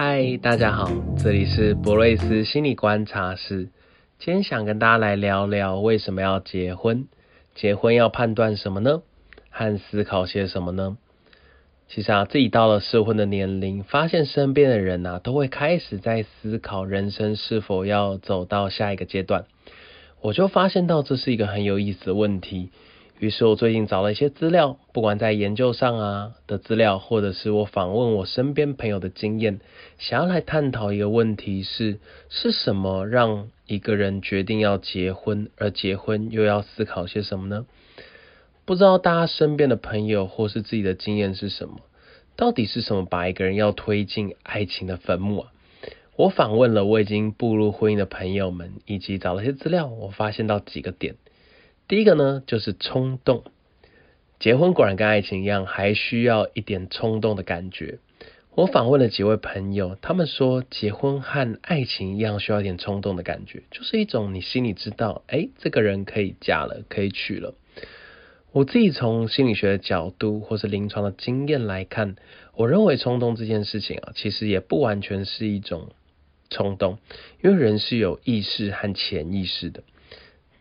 嗨，大家好，這裡是博瑞斯心理觀察室。今天想跟大家來聊聊為什麼要結婚，結婚要判斷什麼呢？和思考些什麼呢？其實啊，自己到了適婚的年齡，發現身邊的人吶、啊，都會開始在思考人生是否要走到下一個階段。我就發現到這是一個很有意思的問題。於是我最近找了一些資料，不管在研究上啊的資料，或者是我訪問我身邊朋友的經驗，想要來探討一個問題是：是是什麼讓一個人決定要結婚，而結婚又要思考些什麼呢？不知道大家身邊的朋友或是自己的經驗是什麼？到底是什麼把一個人要推進愛情的墳墓啊？我訪問了我已經步入婚姻的朋友們，以及找了一些資料，我發現到幾個點。第一個呢，就是衝動。結婚果然跟愛情一樣，還需要一點衝動的感覺。我訪問了幾位朋友，他們說結婚和愛情一樣，需要一點衝動的感覺，就是一種你心裡知道，哎，這個人可以嫁了，可以娶了。我自己從心理學的角度，或是臨床的經驗來看，我認為衝動這件事情啊，其實也不完全是一種衝動，因為人是有意識和潛意識的。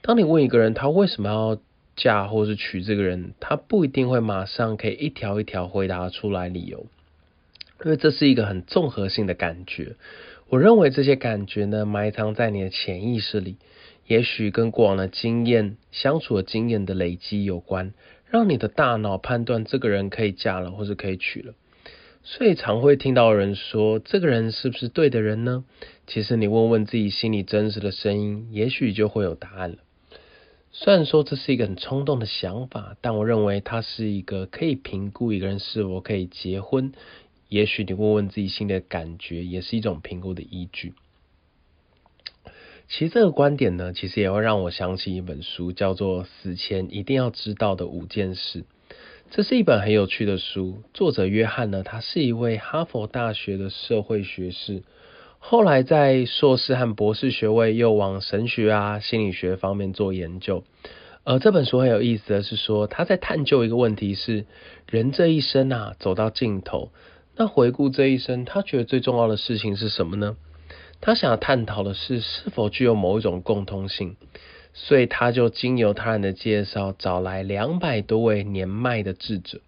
當你問一個人他為什麼要嫁或是娶這個人，他不一定會馬上可以一條一條回答出來理由，因為這是一個很綜合性的感覺。我認為這些感覺呢，埋藏在你的潛意識裡，也許跟過往的經驗、相處的經驗的累積有關，讓你的大腦判斷這個人可以嫁了或是可以娶了。所以常會聽到人說，這個人是不是對的人呢？其實你問問自己心裡真實的聲音，也許就會有答案了。雖然說，這是一個很衝動的想法，但我認為它是一個可以評估一個人是否可以結婚。也許你問問自己心裡的感覺，也是一種評估的依據。其實這個觀點呢，其實也會讓我想起一本書，叫做《死前一定要知道的五件事》。這是一本很有趣的書，作者約翰呢，他是一位哈佛大學的社會學士。後來在碩士和博士學位又往神學啊、心理學方面做研究。而這本書很有意思的是說，他在探究一個問題是，人這一生啊走到盡頭，那回顧這一生，他覺得最重要的事情是什麼呢？他想要探討的是是否具有某一種共通性，所以他就經由他人的介紹，找來兩百多位年邁的智者。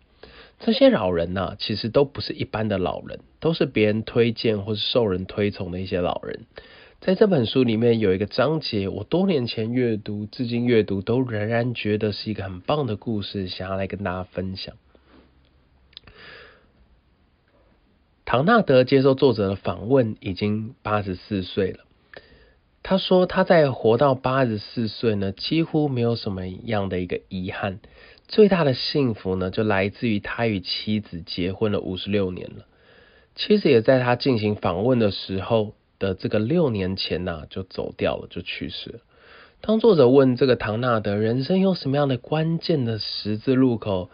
這些老人啊，其實都不是一般的老人，都是別人推薦或是受人推崇的一些老人。在這本書裡面有一個章節，我多年前閱讀，至今閱讀都仍然覺得是一個很棒的故事，想要來跟大家分享。唐納德接受作者的訪問，已經八十四歲了。他說他在活到八十四歲呢，幾乎沒有什麼樣的一個遺憾。最大的幸福呢，就來自於他與妻子結婚了五十六年了。妻子也在他進行訪問的時候的這個六年前呢、啊，就走掉了，就去世了。當作者問這個唐納德人生有什麼樣的關鍵的十字路口時，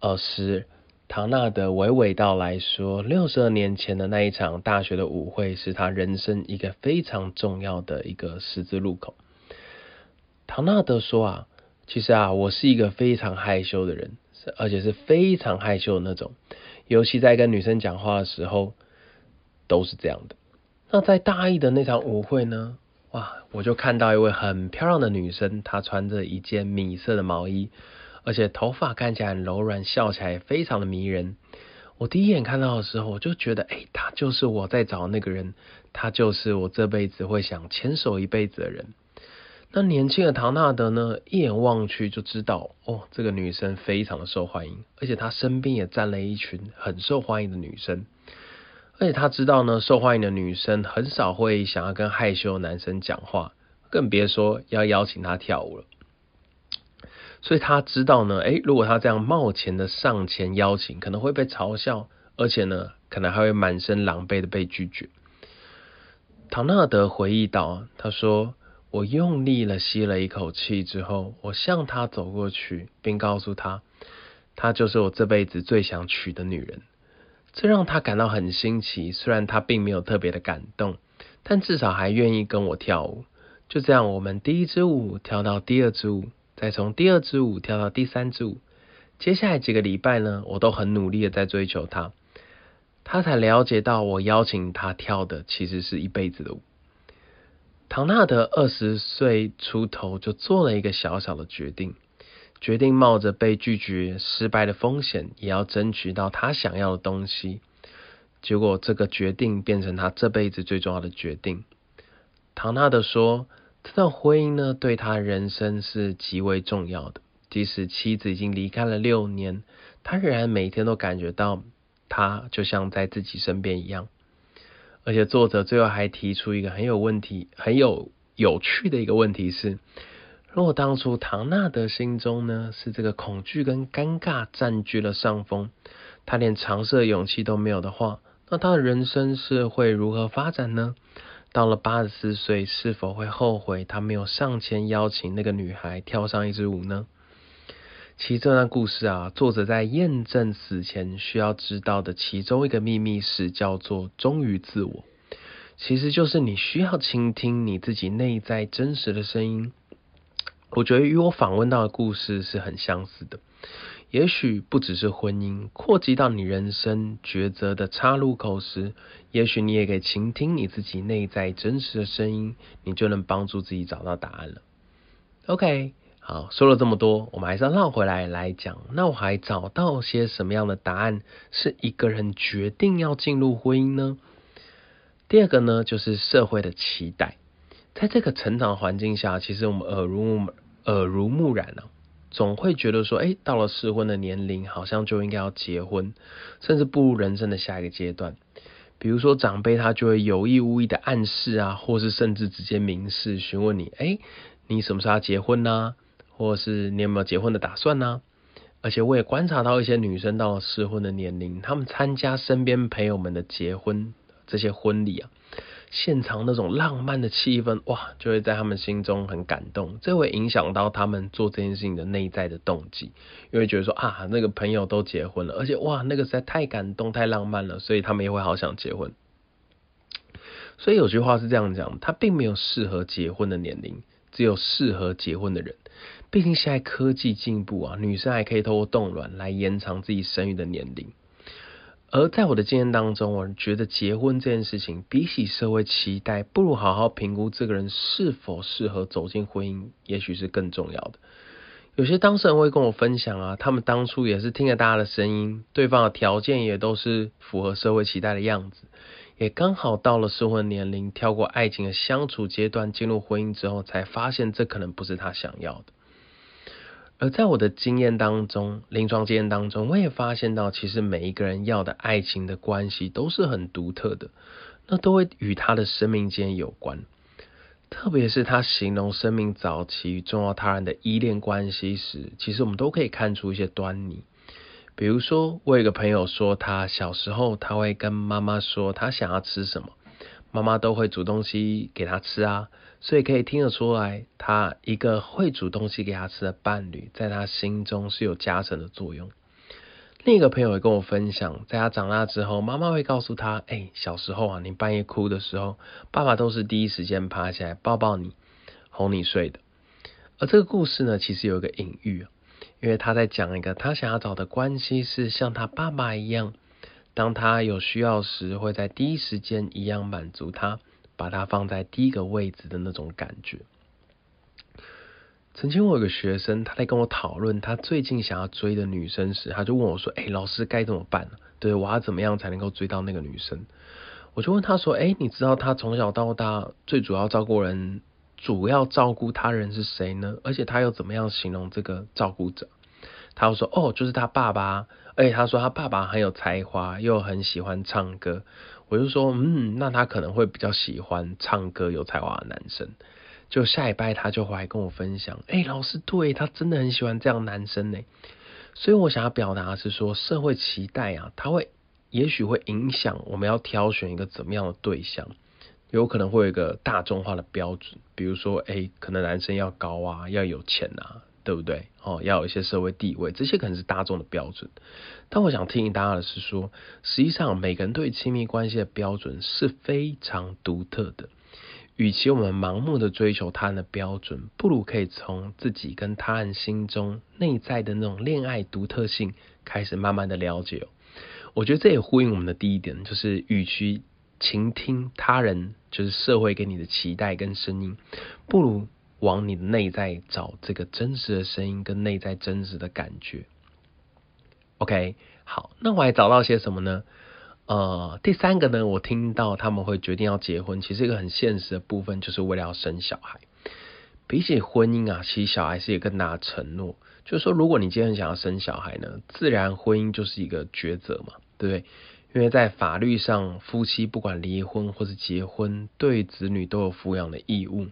呃，是唐納德娓娓道來說，六十二年前的那一場大學的舞會是他人生一個非常重要的一個十字路口。唐納德說啊。其實啊，我是一個非常害羞的人，是而且是非常害羞的那種，尤其在跟女生講話的時候，都是這樣的。那在大一的那場舞會呢，哇，我就看到一位很漂亮的女生，她穿着一件米色的毛衣，而且頭髮看起來很柔軟，笑起來也非常的迷人。我第一眼看到的時候，我就覺得，哎，她就是我在找那個人，她就是我這輩子會想牽手一輩子的人。那年輕的唐納德呢，一眼望去就知道，哦，這個女生非常的受歡迎，而且她身邊也站了一群很受歡迎的女生。而且他知道呢，受歡迎的女生很少會想要跟害羞的男生講話，更別說要邀請他跳舞了。所以他知道呢，哎、欸，如果他這樣冒險的上前邀請，可能會被嘲笑，而且呢，可能還會滿身狼狽的被拒絕。唐納德回憶道、啊，他說。我用力了吸了一口氣之後，我向她走過去，並告訴她，她就是我這輩子最想娶的女人。這讓她感到很新奇，雖然她並沒有特別的感動，但至少還願意跟我跳舞。就這樣，我們第一支舞跳到第二支舞，再從第二支舞跳到第三支舞。接下來幾個禮拜呢，我都很努力的在追求她，她才了解到我邀請她跳的其實是一輩子的舞。唐納德二十歲出頭就做了一個小小的決定，決定冒着被拒絕、失敗的風險，也要爭取到他想要的東西。結果，這個決定變成他這輩子最重要的決定。唐納德說：“這段婚姻呢，對他人生是極為重要的。即使妻子已經離開了六年，他仍然每天都感覺到他就像在自己身邊一樣。”而且作者最後還提出一個很有問題、很有有趣的一個問題是：如果當初唐納德心中呢是這個恐懼跟尷尬佔據了上風，他連嘗試的勇氣都沒有的話，那他的人生是會如何發展呢？到了八十四歲，是否會後悔他沒有上前邀請那個女孩跳上一支舞呢？其實這段故事啊，作者在驗證死前需要知道的其中一個秘密是叫做忠於自我。其實就是你需要傾聽你自己內在真實的聲音。我覺得與我訪問到的故事是很相似的。也許不只是婚姻，擴及到你人生抉擇的岔路口時，也許你也可以傾聽你自己內在真實的聲音，你就能幫助自己找到答案了。OK。好，說了這麼多，我們還是要繞回來來講。那我還找到些什麼樣的答案？是一個人決定要進入婚姻呢？第二個呢，就是社會的期待。在這個成長環境下，其實我們耳濡目耳濡目染啊，總會覺得說，誒、欸，到了適婚的年齡，好像就應該要結婚，甚至步入人生的下一個階段。比如說，長輩他就會有意無意的暗示啊，或是甚至直接明示詢問你，誒、欸，你什麼時候要結婚呢、啊？或是你有沒有結婚的打算呢、啊？而且我也觀察到一些女生到了適婚的年齡，她們參加身邊朋友們的結婚這些婚禮啊，現場那種浪漫的氣氛，哇，就會在她們心中很感動，這會影響到她們做這件事情的內在的動機，因為覺得說啊，那個朋友都結婚了，而且哇，那個實在太感動、太浪漫了，所以她們也會好想結婚。所以有句話是這樣講，她並沒有適合結婚的年齡。只有適合結婚的人，畢竟現在科技進步啊，女生還可以透過凍卵來延長自己生育的年齡。而在我的經驗當中啊，我覺得結婚這件事情，比起社會期待，不如好好評估這個人是否適合走進婚姻，也許是更重要的。有些當事人會跟我分享啊，他們當初也是聽了大家的聲音，對方的條件也都是符合社會期待的樣子。也、欸、剛好到了適婚年齡，跳過愛情的相處階段，進入婚姻之後，才發現這可能不是他想要的。而在我的經驗當中，臨床經驗當中，我也發現到，其實每一個人要的愛情的關係都是很獨特的，那都會與他的生命經驗有關。特別是他形容生命早期與重要他人的依戀關係時，其實我們都可以看出一些端倪。比如說，我有一個朋友說，他小時候他會跟媽媽說他想要吃什麼，媽媽都會煮東西給他吃啊，所以可以聽得出來，他一個會煮東西給他吃的伴侶，在他心中是有加成的作用。另、那、一個朋友也跟我分享，在他長大之後，媽媽會告訴他，哎、欸，小時候啊，你半夜哭的時候，爸爸都是第一時間爬起來抱抱你，哄你睡的。而這個故事呢，其實有一個隱喻、啊因為他在講一個，他想要找的關係是像他爸爸一樣，當他有需要時會在第一時間一樣滿足他，把他放在第一個位置的那種感覺。曾經我有個學生，他在跟我討論他最近想要追的女生時，他就問我說：“誒、欸、老師該怎麼辦？對，我要怎麼樣才能夠追到那個女生？”我就問他說：“誒、欸、你知道他從小到大最主要照顧人？”主要照顧他人是誰呢？而且他又怎麼樣形容這個照顧者？他又說：“哦，就是他爸爸。欸”而且他說他爸爸很有才華，又很喜歡唱歌。我就說：“嗯，那他可能會比較喜歡唱歌有才華的男生。”就下禮拜他就回來跟我分享：“哎、欸，老師，對，他真的很喜歡這樣的男生呢。”所以我想要表達的是說，社會期待啊，他會也許會影響我們要挑選一個怎麼樣的對象。有可能會有一個大眾化的標準，比如說，哎、欸，可能男生要高啊，要有錢啊，對不對？哦，要有一些社會地位，這些可能是大眾的標準。但我想提醒大家的是說，說實際上每個人對親密關係的標準是非常獨特的。與其我們盲目的追求他人的標準，不如可以從自己跟他人心中內在的那種戀愛獨特性開始慢慢的了解、喔。我覺得這也呼應我們的第一點，就是與其。傾聽他人，就是社會給你的期待跟聲音，不如往你的內在找這個真實的聲音跟內在真實的感覺。OK，好，那我還找到些什麼呢？呃，第三個呢，我聽到他們會決定要結婚，其實一個很現實的部分，就是為了要生小孩。比起婚姻啊，其實小孩是一個更大的承諾。就是說，如果你今天很想要生小孩呢，自然婚姻就是一個抉擇嘛，對不對？因為在法律上，夫妻不管離婚或是結婚，對子女都有撫養的義務。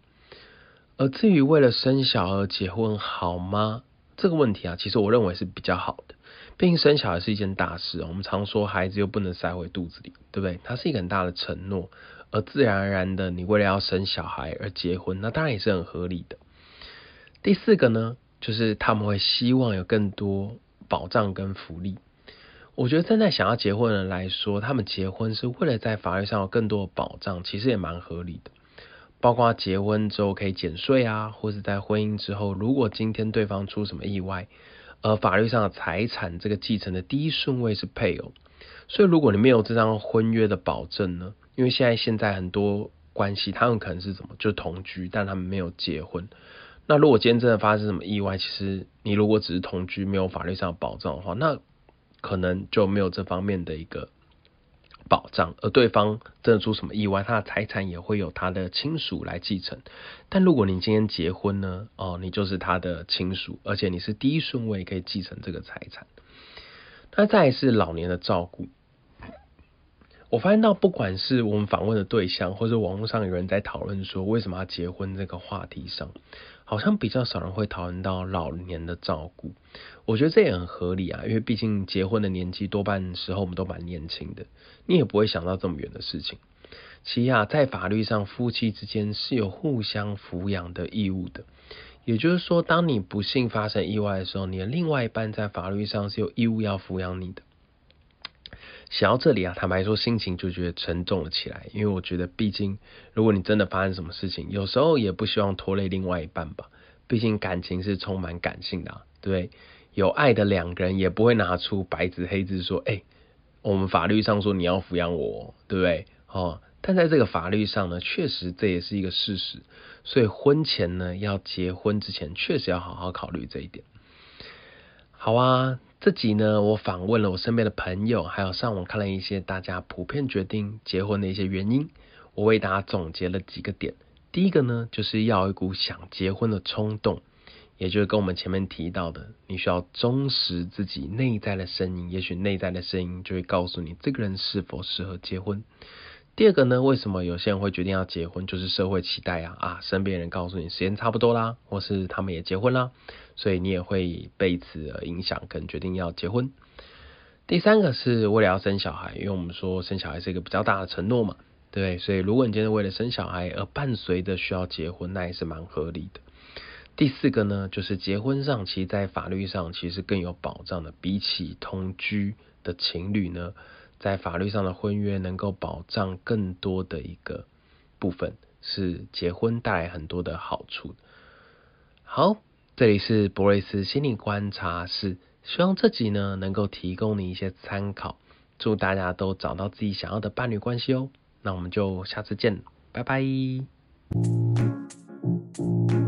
而至於為了生小孩結婚好嗎？這個問題啊，其實我認為是比較好的。畢竟生小孩是一件大事，我們常說孩子又不能塞回肚子裡，對不對？它是一個很大的承諾，而自然而然的，你為了要生小孩而結婚，那當然也是很合理的。第四個呢，就是他們會希望有更多保障跟福利。我覺得正在想要結婚的人來說，他們結婚是為了在法律上有更多的保障，其實也蠻合理的。包括結婚之後可以減稅啊，或是在婚姻之後，如果今天對方出什麼意外，而、呃、法律上的財產，這個繼承的第一順位是配偶、哦，所以如果你沒有這張婚約的保證呢？因為現在現在很多關係，他們可能是怎麼，就同居，但他們沒有結婚。那如果今天真的發生什麼意外，其實你如果只是同居，沒有法律上的保障的話，那，可能就沒有這方面的一個保障，而對方真的出什麼意外，他的財產也會由他的親屬來繼承。但如果你今天結婚呢？哦，你就是他的親屬，而且你是第一順位可以繼承這個財產。那再來是老年的照顧，我發現到不管是我們訪問的對象，或者網絡上有人在討論說為什麼要結婚這個話題上。好像比較少人會討論到老年的照顧，我覺得這也很合理啊，因為畢竟結婚的年紀多半時候我們都蠻年輕的，你也不會想到這麼遠的事情。其二，在法律上，夫妻之間是有互相撫養的義務的，也就是說，當你不幸發生意外的時候，你的另外一半在法律上是有義務要撫養你的。想到這裡啊，坦白說，心情就覺得沉重了起來。因為我覺得，畢竟如果你真的發生什麼事情，有時候也不希望拖累另外一半吧。畢竟感情是充滿感性的啊，對不對？有愛的兩個人也不會拿出白紙黑字說：“哎，我們法律上說你要撫養我，對不對？”哦，但在這個法律上呢，確實這也是一個事實。所以婚前呢，要結婚之前，確實要好好考慮這一點。好啊。這集呢，我訪問了我身邊的朋友，還有上網看了一些大家普遍決定結婚的一些原因，我為大家總結了幾個點。第一個呢，就是要有一股想結婚的衝動，也就是跟我們前面提到的，你需要忠實自己內在的聲音，也許內在的聲音就會告訴你這個人是否適合結婚。第二個呢，為什麼有些人會決定要結婚，就是社會期待啊啊，身邊人告訴你時間差不多啦，或是他們也結婚啦，所以你也會被此而影響，可能決定要結婚。第三個是為了要生小孩，因為我們說生小孩是一個比較大的承諾嘛，對，所以如果你今天為了生小孩而伴隨着需要結婚，那也是蠻合理的。第四個呢，就是結婚上，其實在法律上其實更有保障的，比起同居的情侶呢。在法律上的婚約能夠保障更多的一個部分，是結婚帶來很多的好處的。好，這裡是博瑞斯心理觀察室，希望這集呢能夠提供你一些參考，祝大家都找到自己想要的伴侶關係哦。那我們就下次見，拜拜。嗯嗯嗯